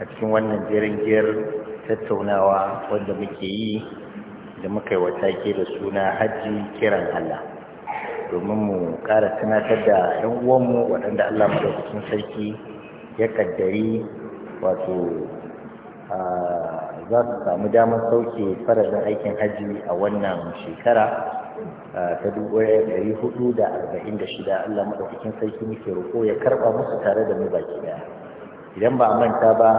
a cikin wannan jirgiyar tattaunawa wanda muke yi da muka yi ke da suna hajji kiran Allah domin mu ƙara tunatar da 'yan uwanmu waɗanda Allah madaukakin sarki ya kaddari wato za su samu damar sauke farashin aikin hajji a wannan shekara ta hudu da arba'in da shida Allah sarki muke roƙo ya karɓa musu tare da mu baki ɗaya idan ba a manta ba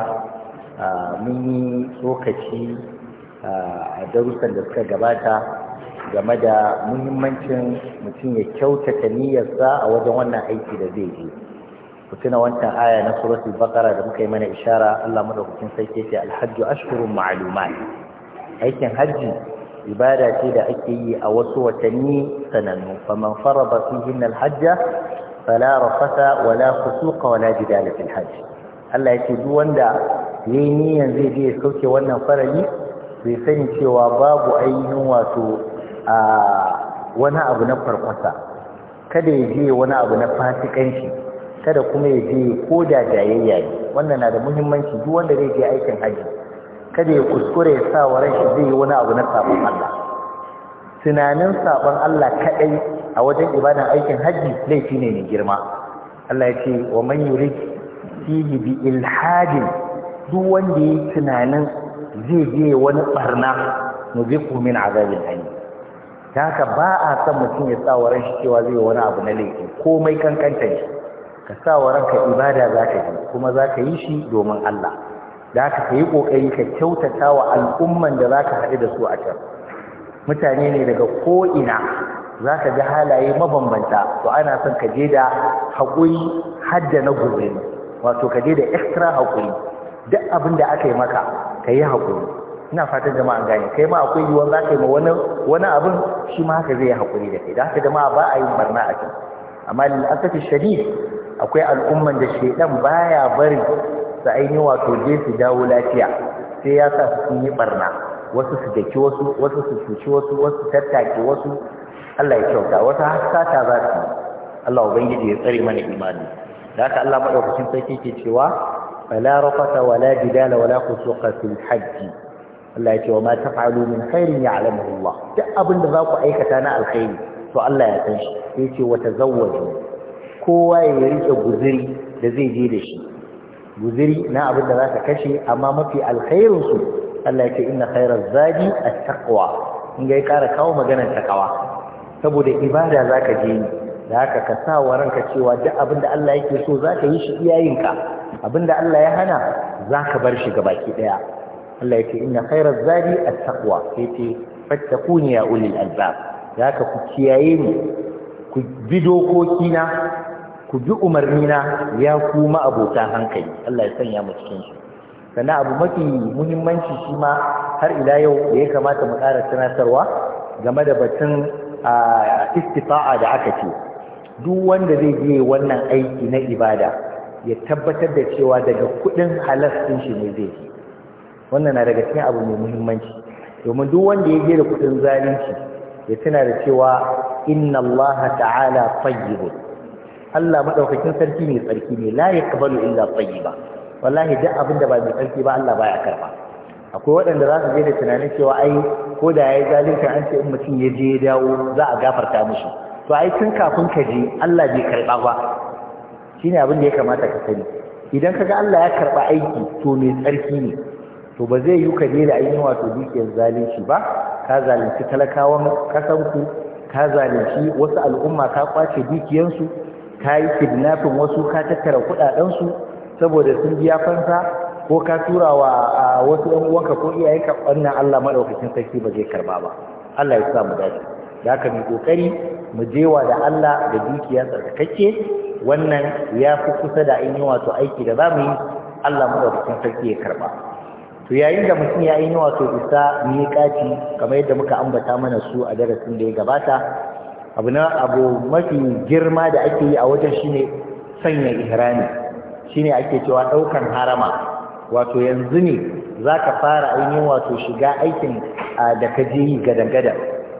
mun yi tsokaci a darussan da suka gabata game da muhimmancin mutum ya kyautata niyyarsa a wajen wannan aiki da zai je ku tuna wancan aya na suratul baqara da muka yi mana ishara Allah madaukakin sarki ce alhajju ashhurun ma'lumat aikin hajji ibada ce da ake yi a wasu watanni sanannu faman farada fihin alhajja fala rafasa wala fusuqa wala jidala fil hajj Allah ya ce duk wanda ya yi niyan zai je ya sauke wannan farali zai sani cewa babu ainihin wato a wani abu na farkonsa kada ya je wani abu na fasikanci kada kuma ya je ko da jayayya ne wannan na da muhimmanci duk wanda zai je aikin hajji kada ya kuskure ya sa wa ranshi zai yi wani abu na sabon Allah tunanin sabon Allah kadai a wajen ibadan aikin hajji laifi ne ne girma Allah ya ce wa man yurid fihi bi ilhadin duk wanda ya tunanin zai je wani barna mu nuziku min azabin alim ta haka ba a san mutum ya sa wa ranshi cewa zai wani abu na laifi komai kankanta shi ka sa wa ranka ibada za ka yi kuma za ka yi shi domin Allah da ka yi ƙoƙari ka kyautata wa al'umman da za ka haɗu da su a can mutane ne daga ko'ina za ka ji halaye mabambanta to ana son ka je da haƙuri hadda na gurbe wato ka je da extra hakuri duk abin da aka yi maka ka yi hakuri ina fatan jama'a gane kai ma akwai yiwuwar za ka yi ma wani wani abin shi ma haka zai yi hakuri da kai da haka jama'a ba a yin barna a can amma lil'asafi sharif akwai al'umman da shaidan baya bari su ainihin wato je su dawo lafiya sai ya sa su yi barna wasu su daki wasu wasu su cuci wasu wasu tattaki wasu Allah ya kyauta wata hasata za su Allah ubangiji ya tsare mana imani da haka Allah madaukakin sarki ke cewa fala rafata wala jidala wala kusuqa fil hajji Allah ya ce wa ma taf'alu min khairin ya'lamuhu Allah duk abin da za ku aikata na alkhairi to Allah ya san shi sai ce wa tazawwaju kowa ya rike guzuri da zai je da shi guziri na abin da za ka kashe amma mafi alkhairinsu Allah ya ce inna khairar zaji a taqwa in ga ya ƙara kawo maganar takawa saboda ibada za ka je ni da haka ka sa wa ranka cewa duk abin da Allah yake so za ka yi shi iyayenka abin da Allah ya hana za ka bar shi gabaki ɗaya Allah yake inna khairaz zadi at-taqwa yace fattakuni ya ulil albab da haka ku kiyaye ni ku bi dokokina ku bi umarnina ya ku ma'abota hankali Allah ya sanya mu cikin su sannan abu mafi muhimmanci shi ma har ila yau da ya kamata mu ƙara tunatarwa game da batun ah, istifa'a da aka ce duk wanda zai je wannan aiki na ibada ya tabbatar da cewa daga kuɗin halas shi ne zai wannan na daga cikin abu mai muhimmanci domin duk wanda ya je da kuɗin zalunci ya tana da cewa inna Allah ta'ala tayyibun Allah madaukakin sarki ne tsarki ne la yaqbalu illa tayyiba wallahi duk abin da ba mai tsarki ba Allah baya karba akwai waɗanda za su je da tunanin cewa ai ko da yayi zalunci an ce in mutum ya je ya dawo za a gafarta mushi to ai tun kafin ka je Allah bai karɓa ba shine abin da ya kamata ka sani idan kaga Allah ya karɓa aiki to mai tsarki ne to ba zai yi ka je da ainihin wato dukiyar zalunci ba ka zalunci talakawan ku, ka zalunci wasu al'umma ka kwace su ka yi kidnapping wasu ka tattara kuɗaɗensu saboda sun biya fansa ko ka tura wa wasu ɗan uwanka ko ka wannan Allah madaukakin sarki ba zai karba ba Allah ya sa mu dace da haka mai kokari mu je wa da Allah da dukiya tsarkakakke wannan ya fi kusa da ainihin wato aiki da zamu yi Allah mu da cikin sarki ya karba to yayin da mutum ya ainihin wato isa kaci kamar yadda muka ambata mana su a darasin da ya gabata abu na abu mafi girma da ake yi a wajen shine sanya ihrami shine ake cewa ɗaukan harama wato yanzu ne zaka fara ainihin wato shiga aikin da ka je yi gadan-gadan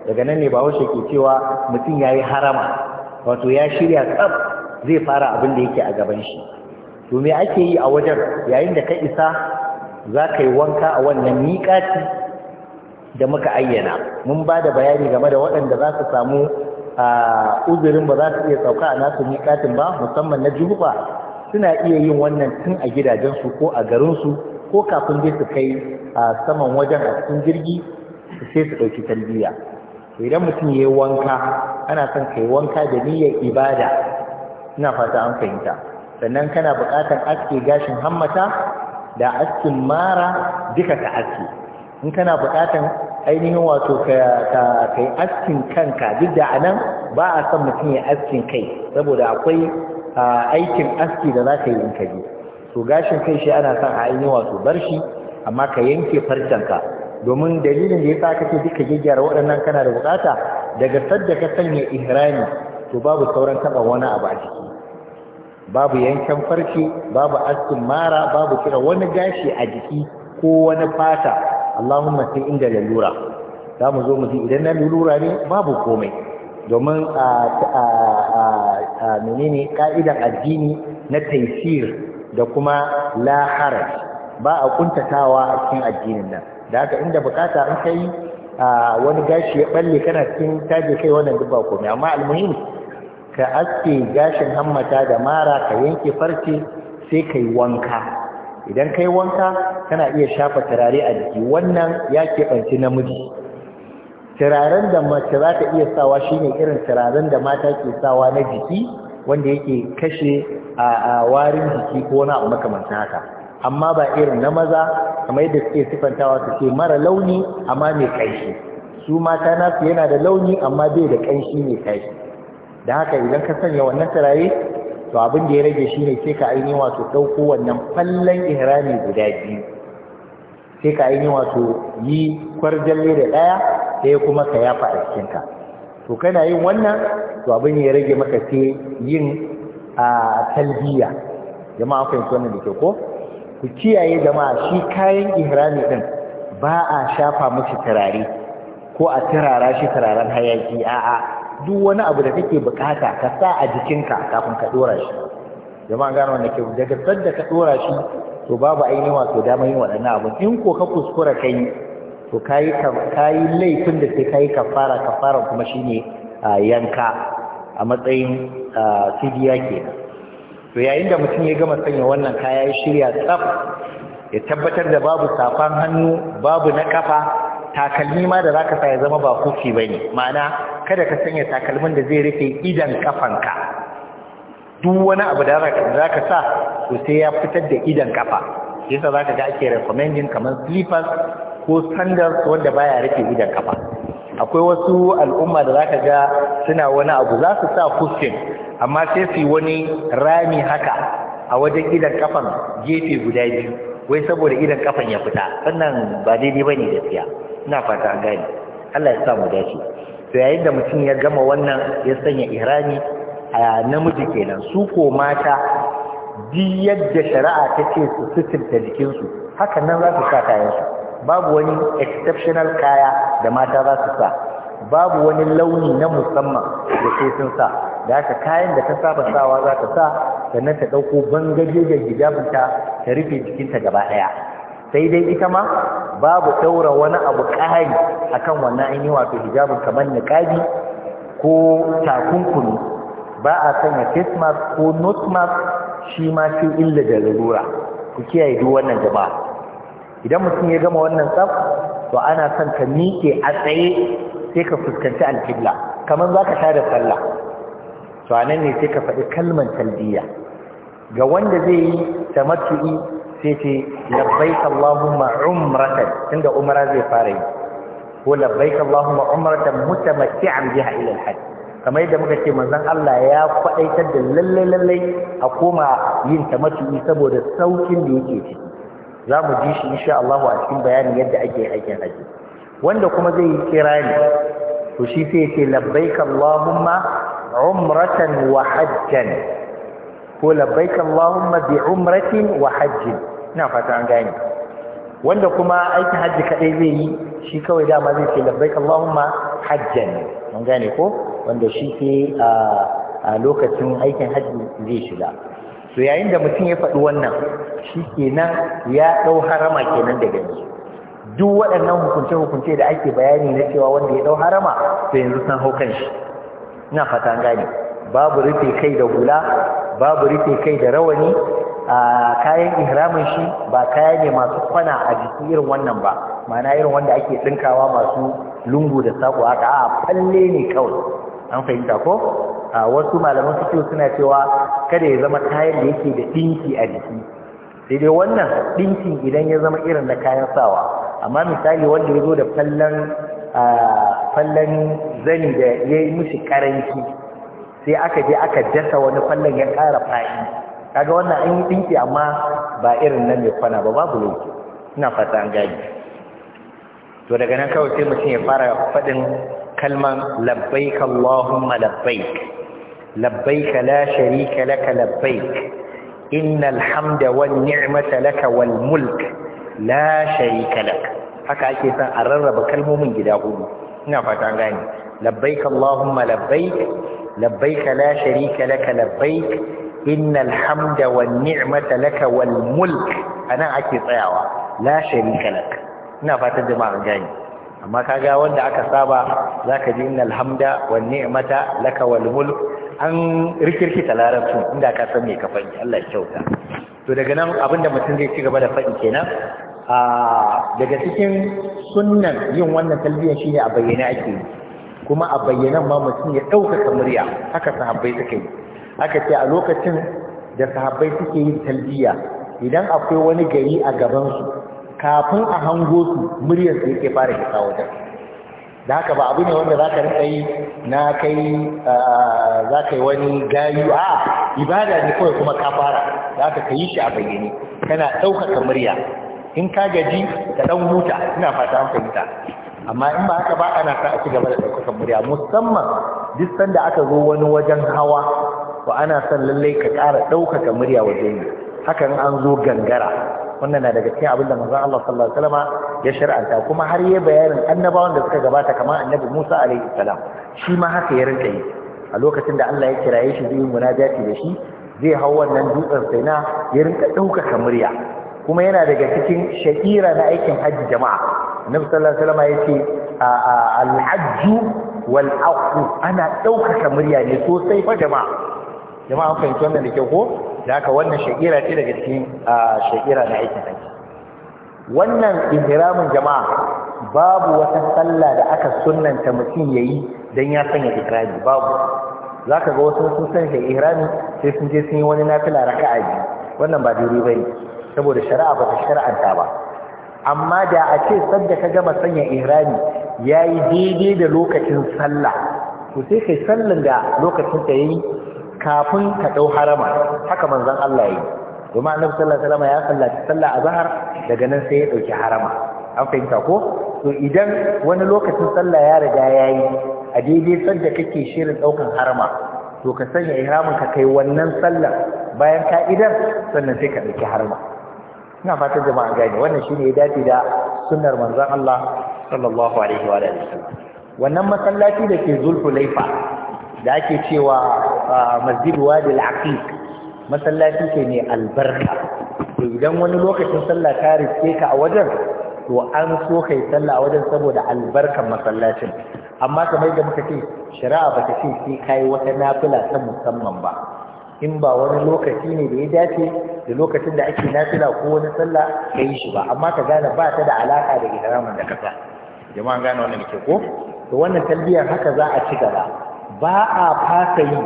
daga nan ne ba wasu ke cewa mutum ya yi harama wato ya shirya tsab zai fara abin da yake a gaban shi to me ake yi a wajen yayin da ka isa za ka yi wanka a wannan miƙati da muka ayyana mun ba da bayani game da waɗanda za su samu uzurin ba za su iya sauka a nasu miƙatin ba musamman na juhuba suna iya yin wannan tun a gidajensu ko a garinsu ko kafin dai su kai a saman wajen a cikin jirgi sai su ɗauki tarbiyya to idan mutum ya yi wanka ana son ka yi wanka da niyyar ibada ina fata an fahimta sannan kana buƙatar aske gashin hammata da askin mara duka ka aske in kana buƙatar ainihin wato ka yi askin kanka duk da anan ba a son mutum ya askin kai saboda akwai aikin aski da za ka yi in ka ji to gashin kai shi ana son a ainihin wato bar shi amma ka yanke farcenka domin dalilin da ya sa kake duka gyaggyara waɗannan kana da bukata daga sadda ka sanya ihrami to babu sauran taba wani abu a jiki. babu yankan farce babu askin mara babu kira wani gashi a jiki ko wani fata Allahumma sai inda lalura za mu zo mu ji idan na lalura ne babu komai domin a menene ka'idan addini na taisir da kuma la ba a kuntatawa a cikin addinin nan da haka inda bukata an kai wani gashi ya balle kana cikin taje kai wannan duk ba komai amma almuhim ka aske gashin hammata da mara ka yanke farce sai kai wanka idan kai wanka kana iya shafa turare a jiki wannan ya keɓanci namiji turaren da mace za ta iya sawa shine irin turaren da mata ke sawa na jiki wanda yake kashe a warin jiki ko na abu makamancin haka amma ba irin na maza kamar yadda suke sifantawa su ce mara launi amma mai ƙanshi su mata nasu yana da launi amma bai da ƙanshi mai ƙanshi da haka idan ka sanya wannan turare to abin da ya rage shi ne sai ka ainihin wato ɗauko wannan fallon ihrami guda biyu sai ka ainihin wato yi kwarjalle da ɗaya sai kuma ka yafa a cikinka to kana yin wannan to abin ya rage maka sai yin a talbiya jama'a fahimci wannan da ke ko ku kiyaye jama'a shi kayan ihrami din ba a shafa mishi turare ko a turara shi turaren hayaki a'a duk wani abu da kake bukata ka sa a jikinka kafin ka dora shi jama'a gano wanda ke daga sadda ka dora shi to babu ainihin wato dama yin waɗannan abu in ko ka kuskura kai to kayi kayi laifin da sai kayi kafara kafara kuma shine yanka a matsayin fidiya kenan to yayin da mutum ya gama sanya wannan kaya ya shirya tsaf ya tabbatar da babu safan hannu babu na kafa takalmi ma da zaka sa ya zama ba kofi bane ma'ana kada ka sanya takalmin da zai rufe idan kafanka duk wani abu da zaka sa to sai ya fitar da idan kafa yasa zaka ga ake recommending kamar slippers ko sandals wanda baya rufe idan kafa akwai wasu al'umma da zaka ga suna wani abu za su sa kufin amma sai su wani rami haka a wajen idan kafan gefe guda biyu wai saboda idan kafan ya fita Sannan ba daidai bane gaskiya ina fata an gane Allah ya sa mu dace to yayin da mutum ya gama wannan ya sanya ihrami a namiji kenan su ko mata di yadda shari'a ta ce su sitirta jikinsu haka nan za su sa kayansu babu wani exceptional kaya da mata za su sa babu wani launi na musamman da ke sun sa da haka kayan da ta saba sawa za ta sa sannan ta ɗauko bangaje da hijabinta ta rufe jikinta gaba ɗaya sai dai ita ma babu ɗaura wani abu ƙari kan wannan ainihin wato hijabin kamar niƙabi ko takunkumi ba a sanya face mask ko nose mask shi ma sai illa da lalura ku kiyaye duk wannan jama'a idan mutum ya gama wannan tsaf to ana son ka miƙe a tsaye sai ka fuskanci alƙibla kamar za ka tada sallah to anan ne sai ka faɗi kalman talbiya ga wanda zai yi tamattu'i sai ce labbaik Allahumma umratan tunda umra zai fara yi ko labbaik Allahumma umratan mutamatti'an biha ila al-hajj kamar yadda muka ce manzon Allah ya faɗaitar da lalle lalle a koma yin tamattu'i saboda saukin da yake ciki za mu ji shi insha Allah a cikin bayanin yadda ake aikin haji wanda kuma zai yi kirani to shi sai ya ce labbaik Allahumma umratan wa hajjan ko labbaika Allahumma bi umratin wa hajjin ina fata an gane wanda kuma aikin hajji kadai zai yi shi kawai dama zai ce labbaika Allahumma hajjan mun gane ko wanda shi ke a lokacin aikin hajji zai shiga to yayin da mutum ya faɗi wannan shi kenan ya ɗau harama kenan da yanzu duk waɗannan hukunce-hukunce da ake bayani na cewa wanda ya ɗau harama to yanzu san hau kan shi ina fata gane babu rufe kai da hula babu rufe kai da rawani a kayan ihramin shi ba kaya ne masu kwana a jiki irin wannan ba ma'ana irin wanda ake tsinkawa masu lungu da sako haka a falle ne kawai an fahimta ko a wasu malaman ce suna cewa kada ya zama kayan da yake da dinki a jiki sai dai wannan dinkin idan ya zama irin na kayan sawa amma misali wanda ya zo da fallan kwallon zani da ya yi mishi karanci sai aka je aka dasa wani kwallon ya ƙara fa'i kaga wannan an yi ɗinki amma ba irin nan mai kwana ba babu laifi ina fata an gani to daga nan kawai sai mutum ya fara faɗin kalman labbaik Allahumma labbaik labbaik la sharika laka labbaik innal hamda wan ni'mata laka wal mulk la sharika lak haka ake san a rarraba kalmomin gida hudu ina fata gani labbaik allahumma labbaik labbaik la sharika laka labbaik innal hamda wan ni'mata laka wal mulk anan ake tsayawa la sharika laka ina fatan jama'a gani amma kaga wanda aka saba zaka ji innal hamda wan ni'mata laka wal mulk an rikirkita larabcin inda ka san me ka fadi Allah ya kyauta to daga nan abinda mutum zai ci gaba da faɗi kenan daga cikin sunnan yin wannan talbiya shine a bayyana ake kuma a bayyanan ma mutum ya ɗaukaka murya haka sahabbai suka yi aka ce a lokacin da sahabbai suke yin talbiya idan akwai wani gari a gabansu kafin a hango su muryar su yake fara kisa wajen da haka ba abu ne wanda za ka rika yi na kai za ka yi wani gayu a ibada ne kawai kuma ka fara za ka yi shi a bayyane kana ɗaukaka murya in ka gaji ka dan huta ina fata an fahimta amma in ba haka ba ana sa a ci gaba da ɗaukakan murya musamman duk sanda aka zo wani wajen hawa to ana son lallai ka ƙara ɗaukaka murya wajen yi hakan an zo gangara wannan na daga cikin abin da manzon Allah sallallahu alaihi wasallam ya shar'anta kuma har yayi bayanin annabawan da suka gabata kamar annabi Musa alaihi salam shi ma haka ya rinka yi a lokacin da Allah ya kiraye shi zai yi munajati da shi zai hau wannan dutsen Saina ya rinka ɗaukaka murya kuma yana daga cikin sha'ira na aikin hajji jama'a annabi sallallahu alaihi wasallam yace al-hajj wal aqu ana daukaka murya ne sosai fa jama'a jama'a kun fahimci wannan da kyau ko da haka wannan sha'ira ce daga cikin sha'ira na aikin hajji wannan ihramin jama'a babu wata sallah da aka sunnanta mutum yayi dan ya sanya ihrami babu zaka ga wasu sun sanya ihrami sai sun je sun yi wani nafila raka'a biyu wannan ba daidai bane saboda shari'a ba ta shari'anta ba amma da a ce sadda ka gama sanya ihrami yayi daidai da lokacin sallah to sai kai sallan da lokacin ka yi kafin ka dau harama haka manzon Allah yayi domin Annabi sallallahu alaihi ya sallaci sallah a zahar daga nan sai ya ɗauki harama an fahimta ko to idan wani lokacin sallah ya riga yayi a daidai sadda kake shirin daukan harama to ka sanya ihramin ka kai wannan sallar bayan ka'idar sannan sai ka ɗauki harama ina fatan jama'a gane wannan shine ya dace da sunnar manzon Allah sallallahu alaihi wa wannan masallaci da ke Zulhulaifa da ake cewa Masjid Wadi al-Aqiq masallaci ce ne albarka to idan wani lokacin sallah ta riske ka a wajen to an so kai sallah a wajen saboda albarkan masallacin amma kamar da muka ce shari'a ba ta ce sai kai wata nafila ta musamman ba in ba wani lokaci ne da ya dace da lokacin da ake nafila ko wani sallah ka yi shi ba amma ka gane ba ta da alaka da ihramin da kasa jama'an gane wannan ke ko to wannan talbiyar haka za a ci gaba ba a fasa yi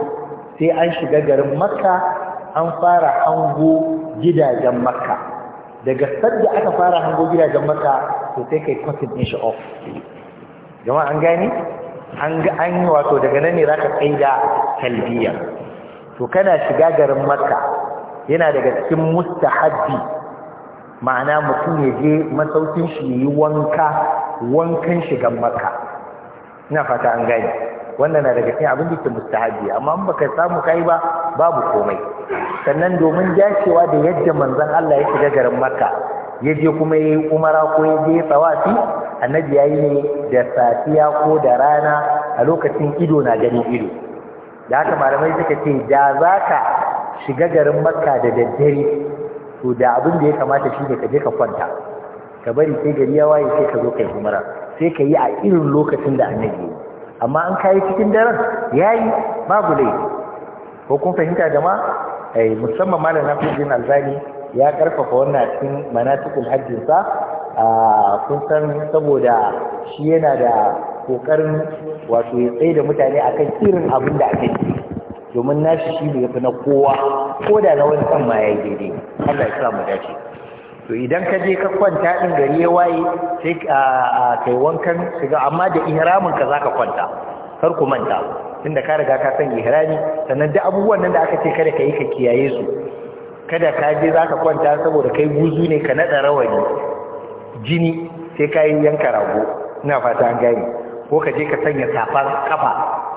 sai an shiga garin makka an fara hango gidajen makka daga sadda aka fara hango gidajen makka to sai kai kwatin din shi off jama'a an gane an ga an yi wato daga nan ne za ka tsaida talbiya to kana shiga garin makka yana daga cikin mustahabbi ma'ana mutum ya je masaukin shi yi wanka wankan shigan maka ina fata an gani wannan na daga cikin abin da ke mustahabbi amma in baka samu kai ba babu komai sannan domin jashewa da yadda manzon Allah ya shiga garin Makka ya je kuma yayi umara ko ya je tsawafi annabi yayi ne da safiya ko da rana a lokacin ido na ganin ido da haka malamai suka ce da zaka shiga garin makka da daddare to da abin da ya kamata shi ne ka je ka kwanta ka bari sai gari ya waye sai ka zo kai umara sai ka yi a irin lokacin da annabi yi amma an kayi cikin daren yayi babu dai ko kun fahimta jama'a eh musamman malam al Albani ya karfafa wannan cikin manatikul hajji sa kun san saboda shi yana da kokarin wato ya tsaye da mutane akan irin abin da ake domin nashi shi ne yafi na kowa ko da na wani kan ma yayi daidai Allah ya sa dace to idan ka je ka kwanta din gari ya waye sai kai wankan shiga amma da ihramin ka zaka kwanta kar ku manta tunda ka riga ka san ihrami sannan duk abubuwan nan da aka ce kada ka yi ka kiyaye su kada ka je zaka kwanta saboda kai guzu ne ka nada rawani jini sai ka yi yanka rago ina fata an gane ko ka je ka sanya safar kafa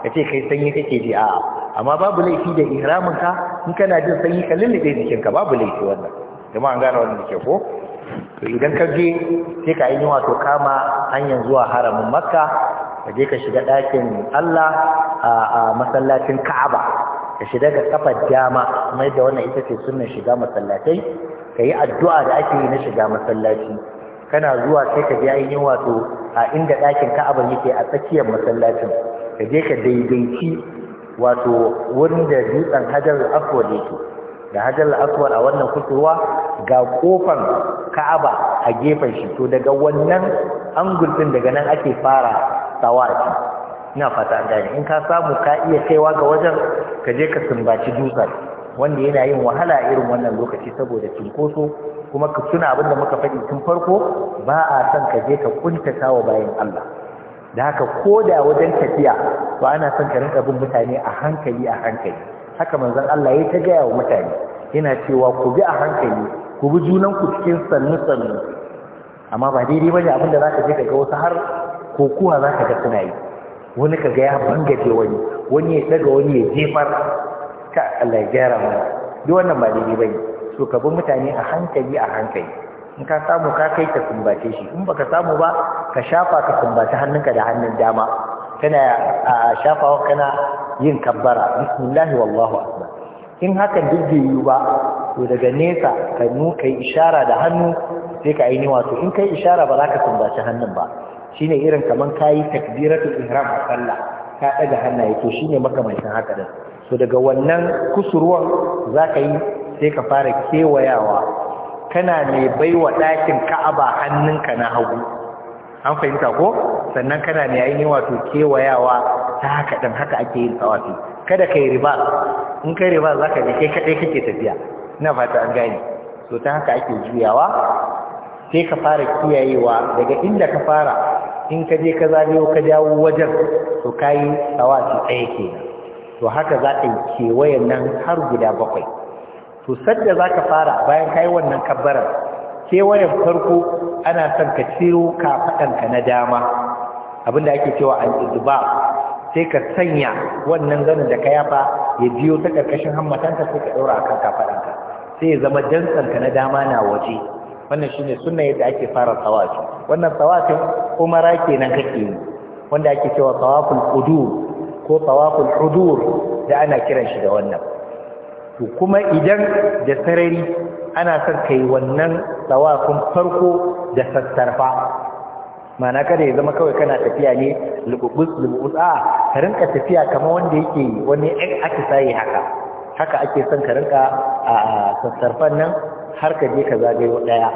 ka ce kai sanyi kake ji a'a amma babu laifi da ihramin ka in kana jin sanyi ka lullube jikin babu laifi wannan kuma an gane wannan ke ko to idan ka je sai ka yi wato kama hanyar zuwa haramin makka ka je ka shiga ɗakin Allah a masallacin Ka'aba ka shiga ga kafar dama kuma yadda wannan ita ce sunnan shiga masallatai ka yi addu'a da ake yi na shiga masallaci kana zuwa sai ka je ainihin wato a inda ɗakin Ka'aba yake a tsakiyar masallacin ka je ka daidaici wato wurin da dutsen hajar aswad yake da hajar aswad a wannan kusurwa ga kofar ka'aba a gefen shi to daga wannan angulfin daga nan ake fara tsawaki ina fata an in ka samu ka iya kaiwa ga wajen ka je ka sumbaci dutsen wanda yana yin wahala irin wannan lokaci saboda cinkoso kuma ka tuna abin da muka faɗi tun farko ba a son ka je ka kuntata wa bayan Allah da haka ko da wajen tafiya ba ana son ka rinka bin mutane a hankali a hankali haka manzon Allah ya ta gaya wa mutane yana cewa ku bi a hankali ku bi junan ku cikin sannu sannu amma ba daidai bane abin da zaka je ka ga wasu har ko kuwa zaka ga suna yi wani ka ga ya bangaje wani wani ya daga wani ya jefar ka Allah ya gyara mana duk wannan ba daidai bane so ka bi mutane a hankali a hankali in ka samu ka kai ka sumbace shi in baka samu ba ka shafa ka sumbace hannunka da hannun dama kana shafawa kana yin kabbara bismillahi wallahu akbar in hakan duk yi ba to daga nesa ka nu kai ishara da hannu sai ka aini wato in kai ishara ba za ka sumbace hannun ba shine irin kaman kayi takbiratul ihram a sallah ka daga hannaye to shine makamancin haka din so daga wannan kusurwan za ka yi sai ka fara kewayawa kana mai baiwa ɗakin ka'aba hannunka na hagu an fahimta ko sannan kana mai ainihin wato kewayawa ta haka dan haka ake yin tsawafi kada ka yi riba in ka riba za ka kai kaɗai kake tafiya ina fata an gane so ta haka ake juyawa sai ka fara kiyayewa daga inda ka fara in ka je ka zagayo ka dawo wajen to ka yi tsawafi ɗaya kenan to haka za ka yi kewayen nan har guda bakwai to da za ka fara bayan kayi wannan kabbarar kewayen farko ana son ka ciro kafaɗanka na dama abinda ake cewa al'izba sai ka sanya wannan zanin da ka yafa ya biyo ta ƙarƙashin hammatanka sai ka ɗora akan kafaɗanka sai ya zama dantsanka na dama na waje wannan shine sunna yadda ake fara tsawafi wannan tsawafin umara kenan kake yi wanda ake cewa tsawaful qudur ko tsawaful hudur da ana kiran shi da wannan to kuma idan da sarari ana son kai wannan tsawafin farko da sassarfa mana kada ya zama kawai kana tafiya ne lububus lububus a ka rinka tafiya kamar wanda yake wani ɗan atisaye haka haka ake son ka rinka a sassarfan nan har ka je ka zagayo ɗaya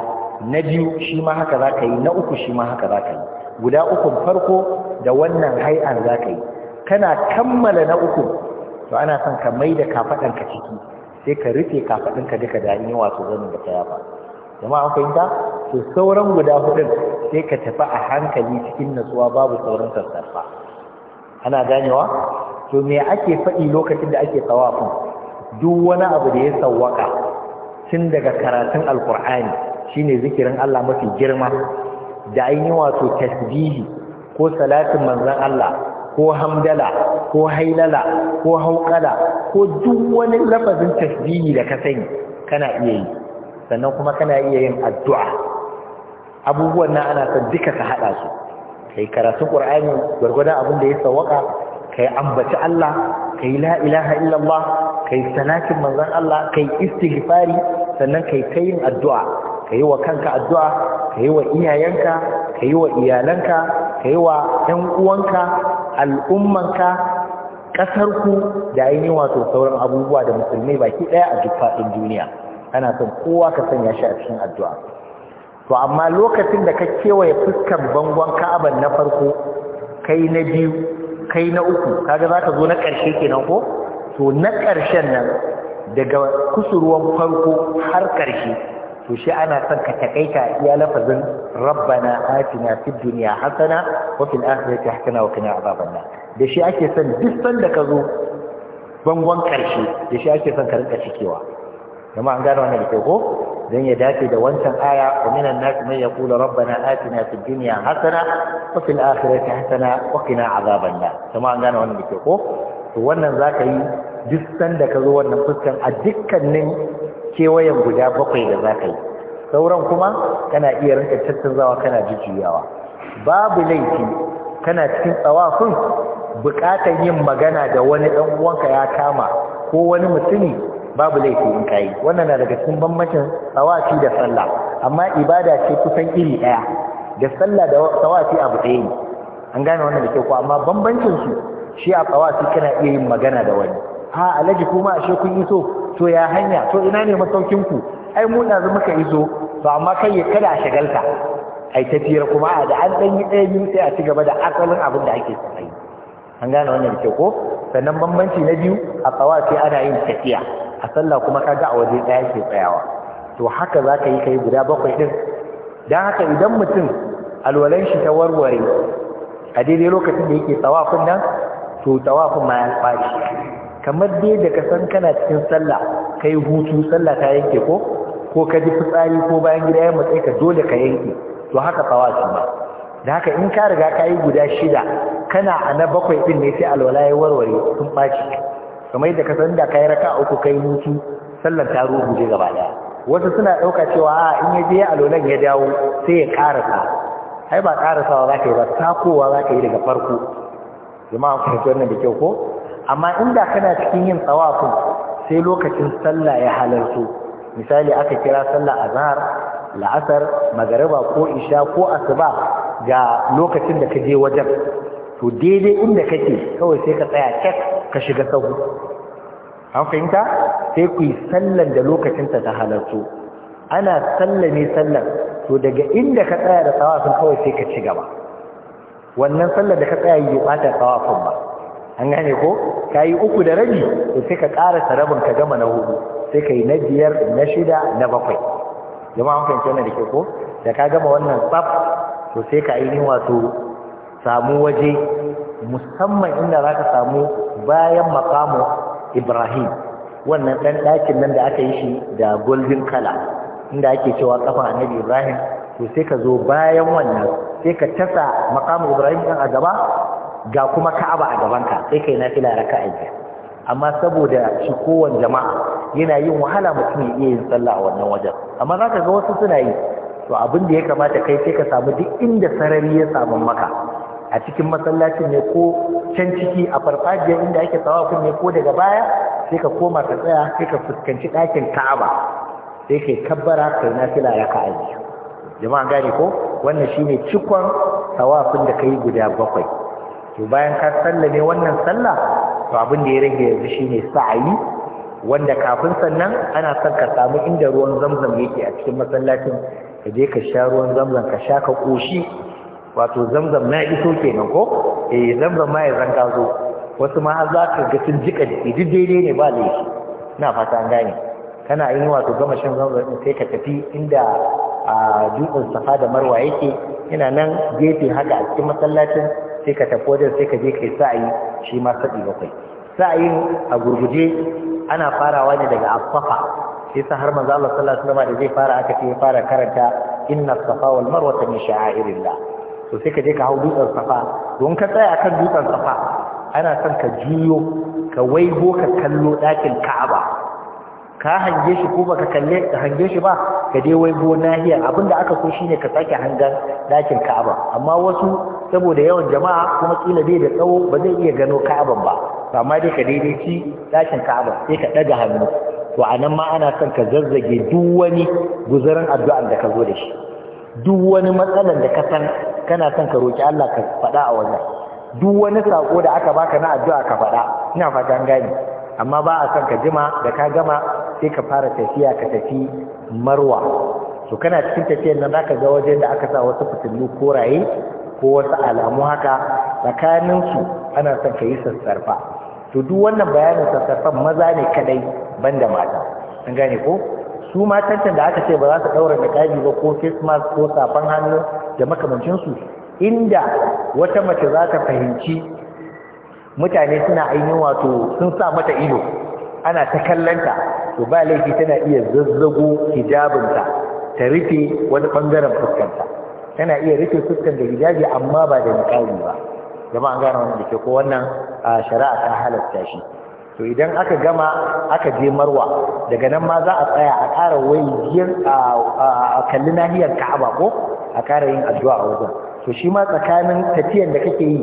na biyu shi ma haka za ka yi na uku shi ma haka za ka yi guda ukun farko da wannan hai'an za ka yi kana kammala na uku to ana son ka mai da kafaɗanka ciki sai ka rufe kafaɗinka duka da yin wato zanin da ta yafa jama'a an fahimta to sauran guda hudun sai ka tafi a hankali cikin natsuwa babu sauran sassarfa ana ganewa to me ake faɗi lokacin da ake tsawafin duk wani abu da ya sawaka tun daga karatun alkur'ani shine zikirin Allah mafi girma da ainihin wato tasbihi ko salatin manzon Allah ko hamdala ko hailala ko hauƙala ko duk wani lafazin tasbihi da ka sani kana iya yi sannan kuma kana iya yin addu'a abubuwan nan ana son duka ka haɗa su kai karatu qur'ani gwargwadon abin da ya sawaka kai ambaci Allah kai la ilaha illallah kai salatin manzon Allah kai istighfari sannan kai ta yin addu'a ka yi wa kanka addu'a ka yi wa iyayenka ka yi wa iyalanka ka yi wa ‘yan uwanka al'ummanka ƙasarku da ainihin wato sauran abubuwa da musulmi baki ɗaya a duk faɗin duniya ana son kowa ka sanya shi a cikin addu'a to amma lokacin da ka kewaye fuskar bangon ka'aban na farko kai na biyu kai na uku kaga za ka zo na ƙarshe kenan ko to na ƙarshen nan daga kusurwan farko har ƙarshe to shi ana son ka takaita iya lafazin rabbana atina fid dunya hasana wa fil akhirati hasana wa qina adhaban nar da shi ake son duk sanda ka zo bangon karshe da shi ake son ka rinka cikewa kuma an gano wannan da ko dan ya dace da wancan aya wa minan nas man yaqulu rabbana atina fid dunya hasana wa fil akhirati hasana wa qina adhaban nar kuma an gano wannan da ko to wannan zaka yi duk sanda ka zo wannan fuskan a dukkanin kewayen guda bakwai da za ka yi sauran kuma kana iya rinka tattazawa kana jijiyawa babu laifi kana cikin tsawafin bukatar yin magana da wani ɗan uwanka ya kama ko wani mutumi babu laifi in yi wannan na daga cikin bambancin tsawafi da sallah amma ibada ce kusan iri ɗaya da sallah da tsawafi abu ɗaya ne an gane wannan da ke ko amma bambancin shi a tsawafi kana iya yin magana da wani ha alaji kuma ashe kun yi so to ya hanya to ina ne masaukin ku ai mu da muka iso to amma kai ya kada a shagalta ai tafiyar kuma a da an dan yi ɗaya biyu sai a ci gaba da asalin abin da ake son yi an gane wannan kyau ko sannan bambanci na biyu a sai ana yin tafiya a sallah kuma kaga a waje ɗaya ke tsayawa to haka za ka yi kai guda bakwai ɗin dan haka idan mutum alwalan shi ta warware a daidai lokacin da yake tsawafin nan to tsawafin ma ya fashi kamar dai da ka san kana cikin sallah kai hutu sallah ta yanke ko ko ka ji fitsari ko bayan gida ya matsayi ka dole ka yanke to haka tawafi ba da haka in ka riga ka yi guda shida kana a na bakwai ɗin ne sai alwala ya warware sun ɓaci kamar da ka san da ka yi raka uku kai hutu sallar ta rubuce gaba daya wasu suna ɗauka cewa a in ya je alwalan ya dawo sai ya ƙarasa ai ba ƙarasawa za ka yi ba takowa za ka yi daga farko jama'a kuma wannan da kyau ko amma inda kana cikin yin tsawafin sai lokacin sallah ya halarto misali aka kira sallah azhar la'asar magariba ko isha ko asuba ga lokacin da ka je wajen to daidai inda kake kawai sai ka tsaya cak ka shiga sahu an fahimta sai ku yi sallan da lokacinta ta halarto ana sallame sallan to daga inda ka tsaya da tsawafin kawai sai ka ci gaba wannan sallar da ka tsaya yi ba ta tsawafin ba an gane ko ka yi uku da rabi to sai ka karasa rabin ka gama na hudu sai ka yi na biyar na shida na bakwai jama'a an fahimci wannan da ke ko da ka gama wannan tsaf to sai ka ainihin wato samu waje musamman inda za ka samu bayan makamu ibrahim wannan ɗan ɗakin nan da aka yi shi da golden kala inda ake cewa kafan annabi ibrahim to sai ka zo bayan wannan sai ka tasa makamu ibrahim ɗan a gaba ga kuma ka'aba a gabanka sai kai nafila raka'a biyar amma saboda cikowan jama'a yana yin wahala mutum ya iya yin sallah a wannan wajen amma za ka ga wasu suna yi to abin da ya kamata kai sai ka samu duk inda sarari ya samu maka a cikin masallacin ne ko can ciki a farfajiyar inda ake tsawafin ne ko daga baya sai ka koma ka tsaya sai ka fuskanci ɗakin ka'aba sai kai kabbara kai nafila raka'a biyu jama'a gane ko wannan shine cikon tsawafin da kai guda bakwai to bayan ka sallame wannan sallah to abin da ya rage yanzu shine sa'ayi wanda kafin sannan ana son ka samu inda ruwan zamzam yake a cikin masallacin ka je ka sha ruwan zamzam ka sha ka koshi wato zamzam na iso kenan ko eh zamzam ma ya zanka zo wasu ma za ka ga sun jika jiki duk daidai ne ba laifi ina fata an gane kana yin wato gama shan zamzam sai ka tafi inda a dutsen safa da marwa yake Ina nan gefe haka a cikin masallacin sai ka tafi wajen sai ka je kai sa'ayi shi ma sa'i bakwai sa'ayin a gurguje ana farawa ne daga asafa sai sa har manzo Allah sallallahu alaihi wasallam da zai fara aka ce fara karanta inna safa wal marwa min sha'airillah to sai ka je ka hau dutsen safa don ka tsaya akan dutsen safa ana son ka juyo ka waibo ka kallo ɗakin ka'aba ka hange shi ko baka kalle ka hange shi ba ka dai waigo nahiya abinda aka so shine ka sake hangan ɗakin ka'aba amma wasu saboda yawan jama'a kuma kila bai da tsawo ba zai iya gano ka'aban ba amma dai ka daidai ci ɗakin ka'aban. sai ka ɗaga hannu to a nan ma ana son ka zazzage duk wani guzarin addu'an da ka zo da shi duk wani matsalar da ka san kana son ka roki Allah ka faɗa a wannan. duk wani sako da aka baka na addu'a ka faɗa ina fata an gane amma ba a son ka jima da ka gama sai ka fara tafiya ka tafi marwa to kana cikin tafiyar nan zaka ga wajen da aka sa wasu fitilu koraye ko wasu alamu haka tsakaninsu ana son ka yi sassarfa to duk wannan bayanin sassarfan maza ne kadai banda mata an gane ko su matan da aka ce ba za su daura da kaji ba ko face mask ko safan hannu da makamancinsu inda wata mace za ta fahimci mutane suna ainihin wato sun sa mata ido ana ta kallanta to ba laifi tana iya zazzago hijabinta ta rufe wani bangaren fuskanta tana iya rike fuskan da hijabi amma ba da niqabi ba jama'a an gano wannan da ke ko wannan shari'a ta halatta shi to idan aka gama aka je marwa daga nan ma za a tsaya a ƙara wayiyar a kalli nahiyar ka'aba ko a ƙara yin addu'a a wajen to shi ma tsakanin tafiyar da kake yi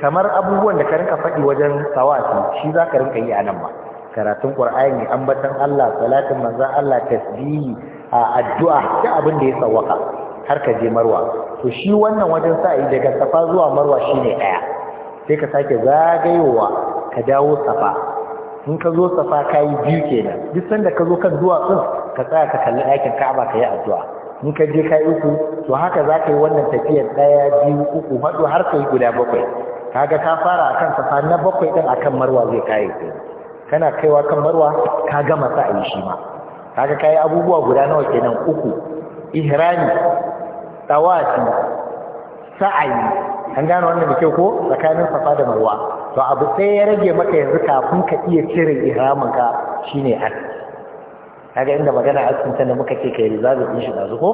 kamar abubuwan da ka rinka faɗi wajen tsawafi shi za ka rinka yi a nan ma karatun qur'ani ambatan Allah salatin manzon Allah tasbihi addu'a duk abin da ya sawwaka har ka je marwa to shi wannan wajen sa'i daga safa zuwa marwa shine ɗaya sai ka sake zagayowa ka dawo safa in ka zo safa ka biyu kenan duk sanda ka zo kan zuwa duwatsun ka tsaya ka kalli ɗakin ka'aba ka yi addu'a in ka je ka uku to haka za ka yi wannan tafiyar ɗaya biyu uku huɗu har ka yi guda bakwai kaga ka fara akan safa na bakwai ɗin akan marwa zai Ka kana kaiwa kan marwa ka gama sa'i shi ma kaga kai abubuwa guda nawa kenan uku ihrami tawafi sa'ayi an gane wannan da kyau ko tsakanin safa da marwa to abu sai ya rage maka yanzu kafin ka iya cire ihramin ka shine har kaga inda magana askin ta da muka ce kai rizabi din shi dazu ko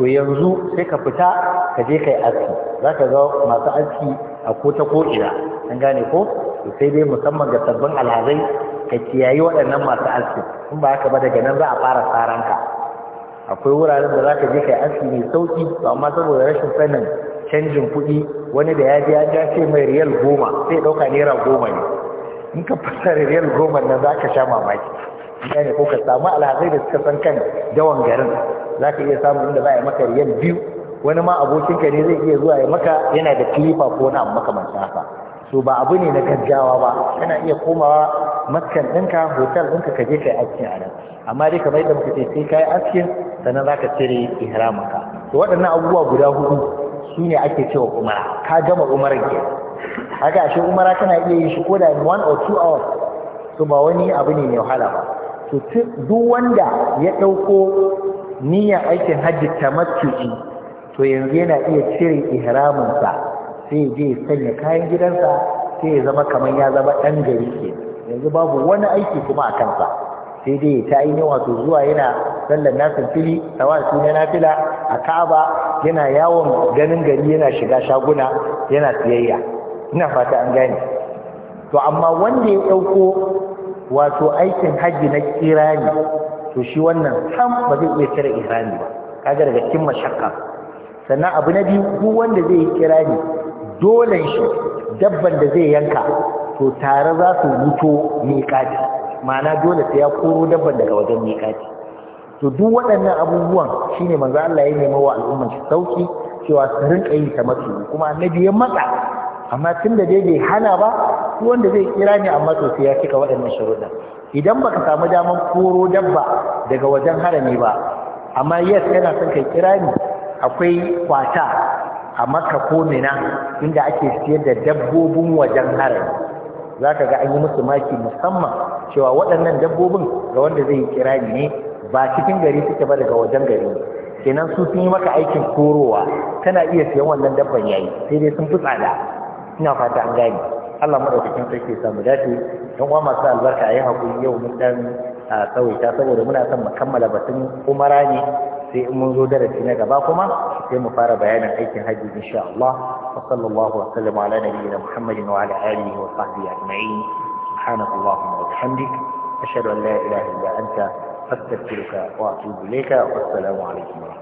to yanzu sai ka fita ka je kai aski zaka ga masu aski a ko ta ko ina an gane ko to sai dai musamman ga sabbin alhazai ka kiyayi waɗannan masu aski in ba haka ba daga nan za a fara saranka akwai wuraren da za ka je kai aski mai sauki amma saboda rashin sanin canjin kuɗi wani da ya je ya ja ce mai riyal goma sai ɗauka naira goma ne in ka fasa riyal goma na za ka sha mamaki ne ko ka samu alhazai da suka san kan dawan garin za ka iya samun inda za a yi maka riyal biyu wani ma abokinka ne zai iya zuwa ya maka yana da kilifa ko wani abu makamancin haka to ba abu ne na gaggawa ba kana iya komawa makan ɗinka hotel ɗinka ka je kai askin a nan amma dai kamar yadda muka ce sai ka askin sannan za ka cire ihraminka to waɗannan abubuwa guda hudu su ne ake cewa umara ka gama umara ke haka shi umara kana iya yin shi ko da one or two hours to ba wani abu ne mai wahala ba to duk wanda ya ɗauko niyyar aikin hajji ta to yanzu yana iya cire ihraminsa sai je sanya kayan gidansa sai ya zama kamar ya zama ɗan gari ke yanzu babu wani aiki kuma a kansa sai dai ta ainihin wato zuwa yana sallar nasan fili ne na fila a ka'aba yana yawon ganin gari yana shiga shaguna yana siyayya ina fata an gane to amma wanda ya ɗauko wato aikin hajji na kirani to shi wannan sam ba zai iya cire irani ba kaga daga cikin mashakka sannan abu na biyu duk wanda zai yi kirani Dole shi dabban da zai yanka to tare za su wuto miƙati ma'ana dole sai ya koro dabban daga wajen miƙati to duk waɗannan abubuwan shine manzo Allah ya nema wa al'umma shi sauki cewa su rinka yin ta masu kuma annabi ya matsa amma tun da dai bai hana ba duk wanda zai kira ni amma to sai ya cika waɗannan sharuɗa idan baka samu daman koro dabba daga wajen harami ba amma yes yana son kai kira ni, akwai kwata a maka ko mina inda ake siyar da dabbobin wajen harin, za ka ga an yi musu maki musamman cewa waɗannan dabbobin ga wanda zai yi kirari ne ba cikin gari suke ba daga wajen gari kenan su sun yi maka aikin korowa kana iya siyan wannan dabban yayi sai dai sun fi tsada ina fata an gane Allah madaukakin sarki ya samu dace dan uwa masu albarka ayi hakuri yau mun dan tsawaita saboda muna son mu kammala batun umara ne sai in mun zo darasi na gaba kuma sai mu fara bayanin aikin haji insha Allah wa sallallahu wa sallam ala nabiyina Muhammadin wa ala alihi wa sahbihi ajma'in subhanaka wa bihamdik ashhadu an la ilaha illa anta astaghfiruka wa atubu ilayka wa assalamu alaikum